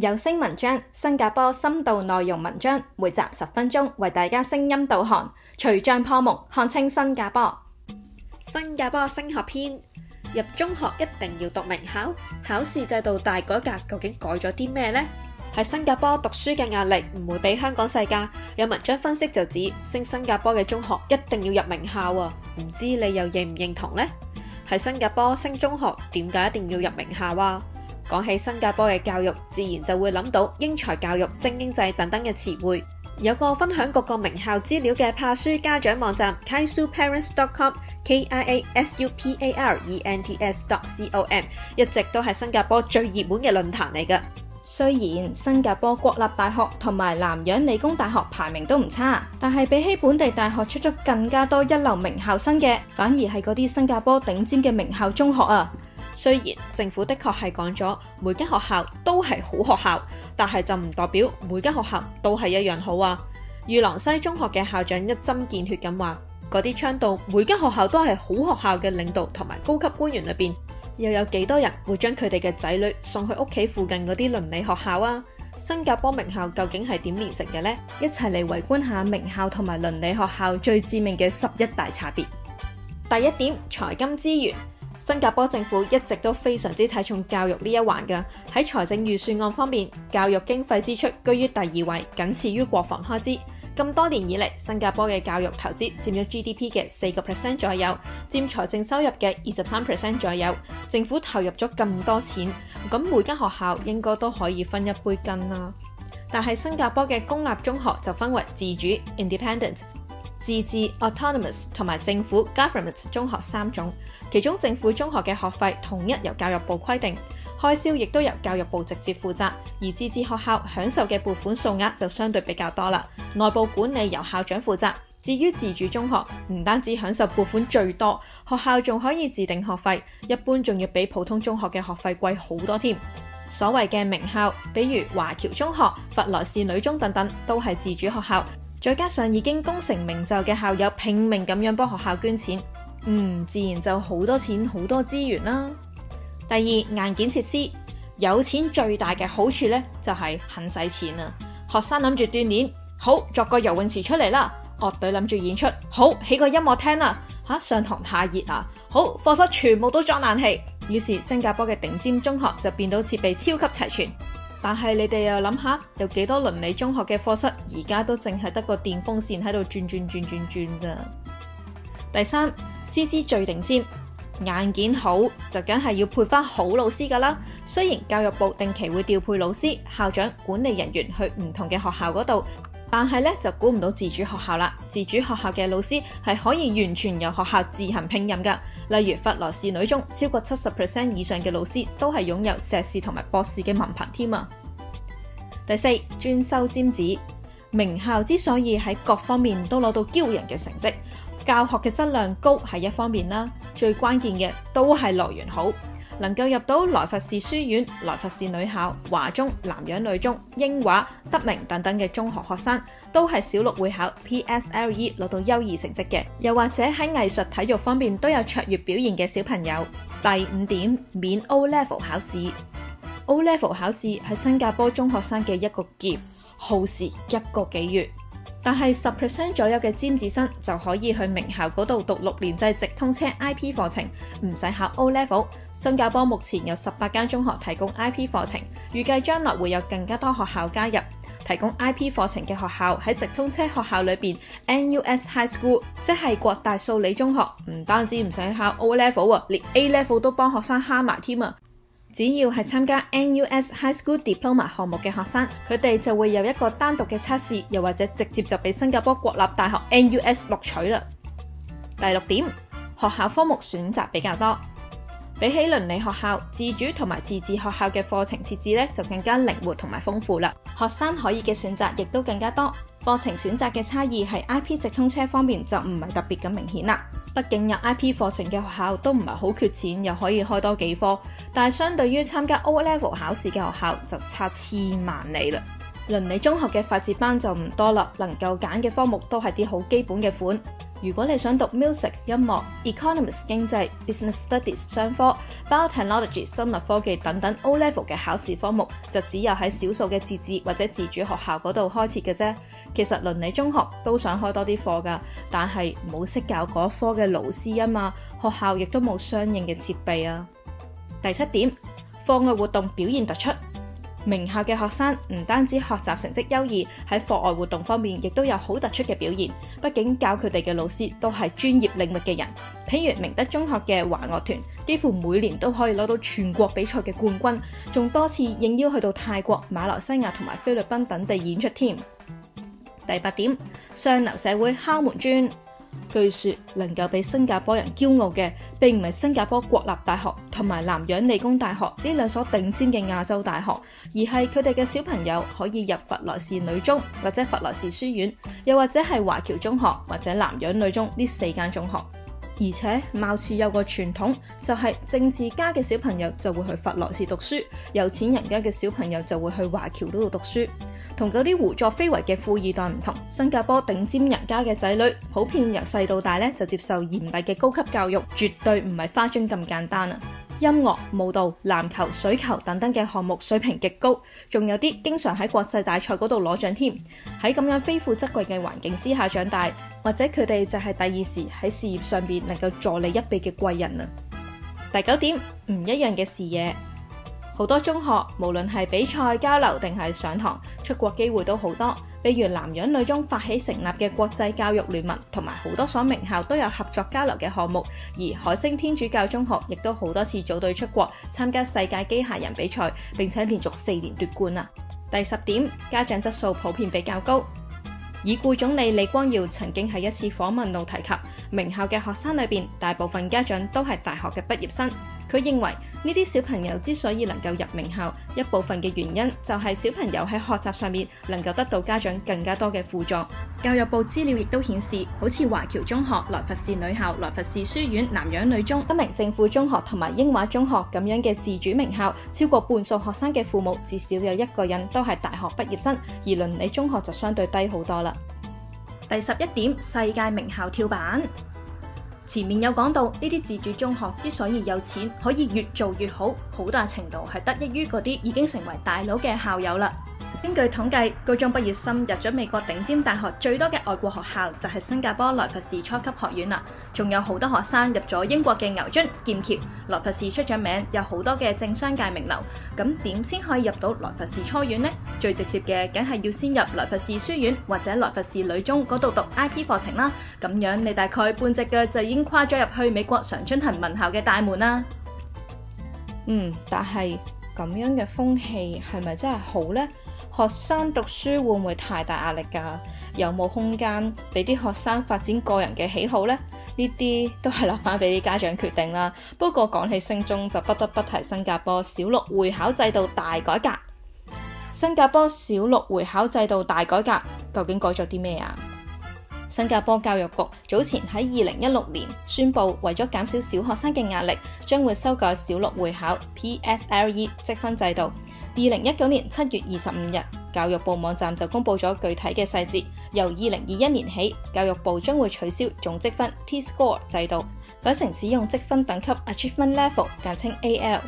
有聲文章，新加坡深度內容文章，每集十分鐘，為大家聲音導航，除障破夢，看清新加坡。新加坡升學篇，入中學一定要讀名校？考試制度大改革究竟改咗啲咩呢？喺新加坡讀書嘅壓力唔會比香港細噶？有文章分析就指，升新加坡嘅中學一定要入名校啊！唔知你又認唔認同呢？喺新加坡升中學，點解一定要入名校啊？講起新加坡嘅教育，自然就會諗到英才教育、精英制等等嘅詞彙。有個分享各個名校資料嘅怕書家長網站 KiasuParents.com，K I A S U P A R E N T S .dot .c o m 一直都係新加坡最熱門嘅論壇嚟噶。雖然新加坡國立大學同埋南洋理工大學排名都唔差，但係比起本地大學出咗更加多一流名校生嘅，反而係嗰啲新加坡頂尖嘅名校中學啊。雖然政府的確係講咗每間學校都係好學校，但係就唔代表每間學校都係一樣好啊！裕廊西中學嘅校長一針見血咁話：嗰啲倡導每間學校都係好學校嘅領導同埋高級官員裏邊，又有幾多人會將佢哋嘅仔女送去屋企附近嗰啲鄰里學校啊？新加坡名校究竟係點煉成嘅呢？一齊嚟圍觀下名校同埋鄰里學校最致命嘅十一大差別。第一點，財金資源。新加坡政府一直都非常之睇重教育呢一環㗎。喺財政預算案方面，教育經費支出居於第二位，僅次於國防開支。咁多年以嚟，新加坡嘅教育投資占咗 GDP 嘅四個 percent 左右，占財政收入嘅二十三 percent 左右。政府投入咗咁多錢，咁每間學校應該都可以分一杯羹啦。但係新加坡嘅公立中學就分為自主 （Independent），自治 （autonomous） 同埋政府 （government） 中學三種，其中政府中學嘅學費統一由教育部規定，開銷亦都由教育部直接負責；而自治學校享受嘅撥款數額就相對比較多啦，內部管理由校長負責。至於自主中學，唔單止享受撥款最多，學校仲可以自定學費，一般仲要比普通中學嘅學費貴好多添。所謂嘅名校，比如華僑中學、萊佛士女中等等，都係自主學校。再加上已經功成名就嘅校友拼命咁樣幫學校捐錢，嗯，自然就好多錢好多資源啦。第二，硬件設施，有錢最大嘅好處咧就係肯使錢啊。學生諗住鍛煉，好作個游泳池出嚟啦；樂隊諗住演出，好起個音樂廳啦。吓、啊、上堂太熱啊，好課室全部都裝冷氣。於是新加坡嘅頂尖中學就變到設備超級齊全。但係你哋又諗下，有幾多鄰里中學嘅課室而家都淨係得個電風扇喺度轉轉轉轉轉咋？第三，師資最頂尖，硬件好就梗係要配翻好老師噶啦。雖然教育部定期會調配老師、校長、管理人員去唔同嘅學校嗰度。但係咧就估唔到自主學校啦，自主學校嘅老師係可以完全由學校自行聘任噶，例如萊佛士女中超過七十 percent 以上嘅老師都係擁有碩士同埋博士嘅文憑添啊！第四，專收尖子，名校之所以喺各方面都攞到驕人嘅成績，教學嘅質量高係一方面啦，最關鍵嘅都係來源好。能夠入到來佛士書院、來佛士女校、華中、南洋女中、英華、德明等等嘅中學學生，都係小六會考 PSLE 攞到優異成績嘅，又或者喺藝術、體育方面都有卓越表現嘅小朋友。第五點，免 O Level 考試。O Level 考試係新加坡中學生嘅一個劫，耗時一個幾月。但係十 percent 左右嘅尖子生就可以去名校嗰度讀六年制、就是、直通車 I P 課程，唔使考 O Level。新加坡目前有十八間中學提供 I P 課程，預計將來會有更加多學校加入提供 I P 課程嘅學校喺直通車學校裏邊，N U S High School 即係國大數理中學，唔單止唔使考 O Level 喎，連 A Level 都幫學生慳埋添啊！只要係參加 NUS High School Diploma 項目嘅學生，佢哋就會有一個單獨嘅測試，又或者直接就俾新加坡國立大學 NUS 錄取啦。第六點，學校科目選擇比較多，比起鄰里學校、自主同埋自治學校嘅課程設置咧，就更加靈活同埋豐富啦。學生可以嘅選擇亦都更加多。課程選擇嘅差異喺 IP 直通車方面就唔係特別咁明顯啦，畢竟有 IP 課程嘅學校都唔係好缺錢，又可以開多幾科，但係相對於參加 O Level 考試嘅學校就差千萬里啦。倫理中學嘅法治班就唔多啦，能夠揀嘅科目都係啲好基本嘅款。如果你想讀 music 音樂、economics 經濟、business studies 商科、biotechnology 生物科技等等 O level 嘅考試科目，就只有喺少數嘅自治或者自主學校嗰度開設嘅啫。其實倫理中學都想開多啲課噶，但係冇識教嗰科嘅老師啊嘛，學校亦都冇相應嘅設備啊。第七點，課外活動表現突出。名校嘅學生唔單止學習成績優異，喺課外活動方面亦都有好突出嘅表現。畢竟教佢哋嘅老師都係專業領域嘅人，譬如明德中學嘅華樂團，幾乎每年都可以攞到全國比賽嘅冠軍，仲多次應邀去到泰國、馬來西亞同埋菲律賓等地演出添。第八點，上流社會敲門磚。據說能夠俾新加坡人驕傲嘅，並唔係新加坡國立大學同埋南洋理工大學呢兩所頂尖嘅亞洲大學，而係佢哋嘅小朋友可以入萊佛士女中或者萊佛士書院，又或者係華僑中學或者南洋女中呢四間中學。而且貌似有個傳統，就係政治家嘅小朋友就會去萊佛士讀書，有錢人家嘅小朋友就會去華僑嗰度讀書。同嗰啲胡作非為嘅富二代唔同，新加坡頂尖人家嘅仔女，普遍由細到大咧就接受嚴厲嘅高級教育，絕對唔係花樽咁簡單啊！音樂、舞蹈、籃球、水球等等嘅項目水平極高，仲有啲經常喺國際大賽嗰度攞獎添。喺咁樣非富則貴嘅環境之下長大，或者佢哋就係第二時喺事業上邊能夠助你一臂嘅貴人啊。第九點，唔一樣嘅視野，好多中學無論係比賽交流定係上堂，出國機會都好多。比如，南洋女中發起成立嘅國際教育聯盟，同埋好多所名校都有合作交流嘅項目。而海星天主教中學亦都好多次組隊出國參加世界機械人比賽，並且連續四年奪冠啊。第十點，家長質素普遍比較高。已故總理李光耀曾經喺一次訪問度提及，名校嘅學生裏邊，大部分家長都係大學嘅畢業生。佢認為呢啲小朋友之所以能夠入名校，一部分嘅原因就係小朋友喺學習上面能夠得到家長更加多嘅輔助。教育部資料亦都顯示，好似華僑中學、萊佛士女校、萊佛士書院、南洋女中、德明政府中學同埋英華中學咁樣嘅自主名校，超過半數學生嘅父母至少有一個人都係大學畢業生，而鄰里中學就相對低好多啦。第十一點，世界名校跳板。前面有講到，呢啲自主中學之所以有錢，可以越做越好，好大程度係得益於嗰啲已經成為大佬嘅校友啦。根據統計，高中畢業生入咗美國頂尖大學最多嘅外國學校就係新加坡萊佛士初級學院啦，仲有好多學生入咗英國嘅牛津、劍橋。萊佛士出咗名，有好多嘅政商界名流。咁點先可以入到萊佛士初院呢？最直接嘅，梗係要先入萊佛士書院或者萊佛士女中嗰度讀 IP 課程啦。咁樣你大概半隻腳就已經跨咗入去美國常春藤名校嘅大門啦。嗯，但係。咁樣嘅風氣係咪真係好呢？學生讀書會唔會太大壓力噶啊？有冇空間俾啲學生發展個人嘅喜好呢？呢啲都係留翻俾啲家長決定啦。不過講起升中就不得不提新加坡小六會考制度大改革。新加坡小六會考制度大改革，究竟改咗啲咩啊？新加坡教育局早前喺二零一六年宣布，為咗減少小學生嘅壓力，將會修改小六會考 （PSLE） 積分制度。二零一九年七月二十五日，教育部網站就公布咗具體嘅細節。由二零二一年起，教育部將會取消總積分 （T-score） 制度，改成使用積分等級 （Achievement Level，簡稱 AL）。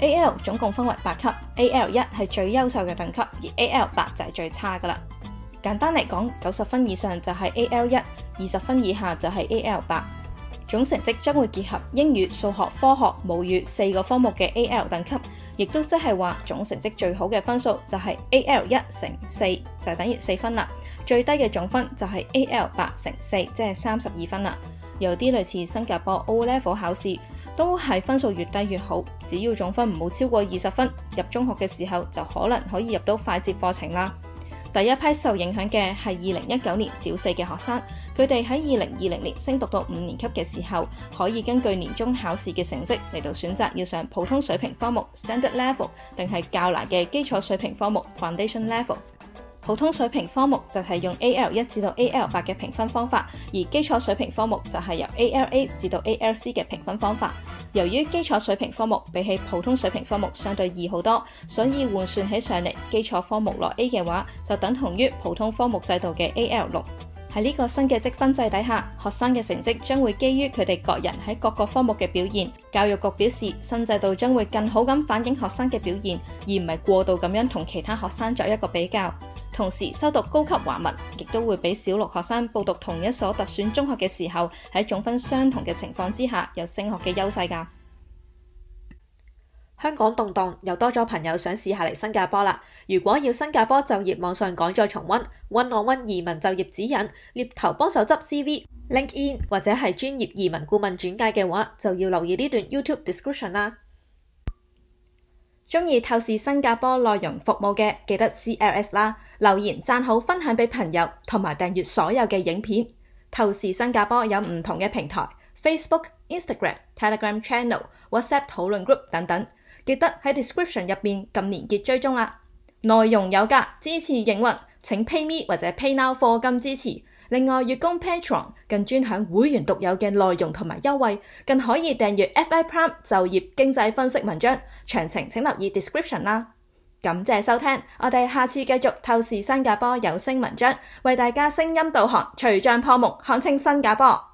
AL 總共分為八級，AL 一係最優秀嘅等級，而 AL 八就係最差噶啦。簡單嚟講，九十分以上就係 AL 一，二十分以下就係 AL 八，總成績將會結合英語、數學、科學、母語四個科目嘅 AL 等級，亦都即係話總成績最好嘅分數就係 AL 一乘四就等於四分啦，最低嘅總分就係 AL 八乘四即係三十二分啦。有啲類似新加坡 O Level 考試，都係分數越低越好，只要總分唔好超過二十分，入中學嘅時候就可能可以入到快捷課程啦。第一批受影響嘅係二零一九年小四嘅學生，佢哋喺二零二零年升讀到五年級嘅時候，可以根據年終考試嘅成績嚟到選擇要上普通水平科目 （standard level） 定係較難嘅基礎水平科目 （foundation level）。普通水平科目就係用 AL 一至到 AL 八嘅評分方法，而基礎水平科目就係由 ALA 至到 ALC 嘅評分方法。由於基礎水平科目比起普通水平科目相對易好多，所以換算起上嚟，基礎科目落 A 嘅話，就等同於普通科目制度嘅 AL 六。喺呢個新嘅積分制底下，學生嘅成績將會基於佢哋各人喺各個科目嘅表現。教育局表示，新制度將會更好咁反映學生嘅表現，而唔係過度咁樣同其他學生作一個比較。同時，修讀高級華文亦都會畀小六學生報讀同一所特選中學嘅時候，喺總分相同嘅情況之下，有升學嘅優勢噶。香港動盪，又多咗朋友想試下嚟新加坡啦。如果要新加坡就業網上趕再重温，One-on-one 移民就業指引，獵頭幫手執 CV LinkedIn 或者係專業移民顧問轉介嘅話，就要留意呢段 YouTube description 啦。中意透視新加坡內容服務嘅，記得 CLS 啦，留言讚好分享俾朋友，同埋訂閱所有嘅影片。透視新加坡有唔同嘅平台，Facebook、Instagram、Telegram Channel、WhatsApp 討論 group 等等，記得喺 description 入面撳連結追蹤啦。內容有價，支持營運，請 PayMe 或者 PayNow 課金支持。另外月供 Patreon 更專享會員獨有嘅內容同埋優惠，更可以訂閱 FI Prime 就業經濟分析文章。詳情請留意 description 啦。感謝收聽，我哋下次繼續透視新加坡有聲文章，為大家聲音導航，除障破目，看清新加坡。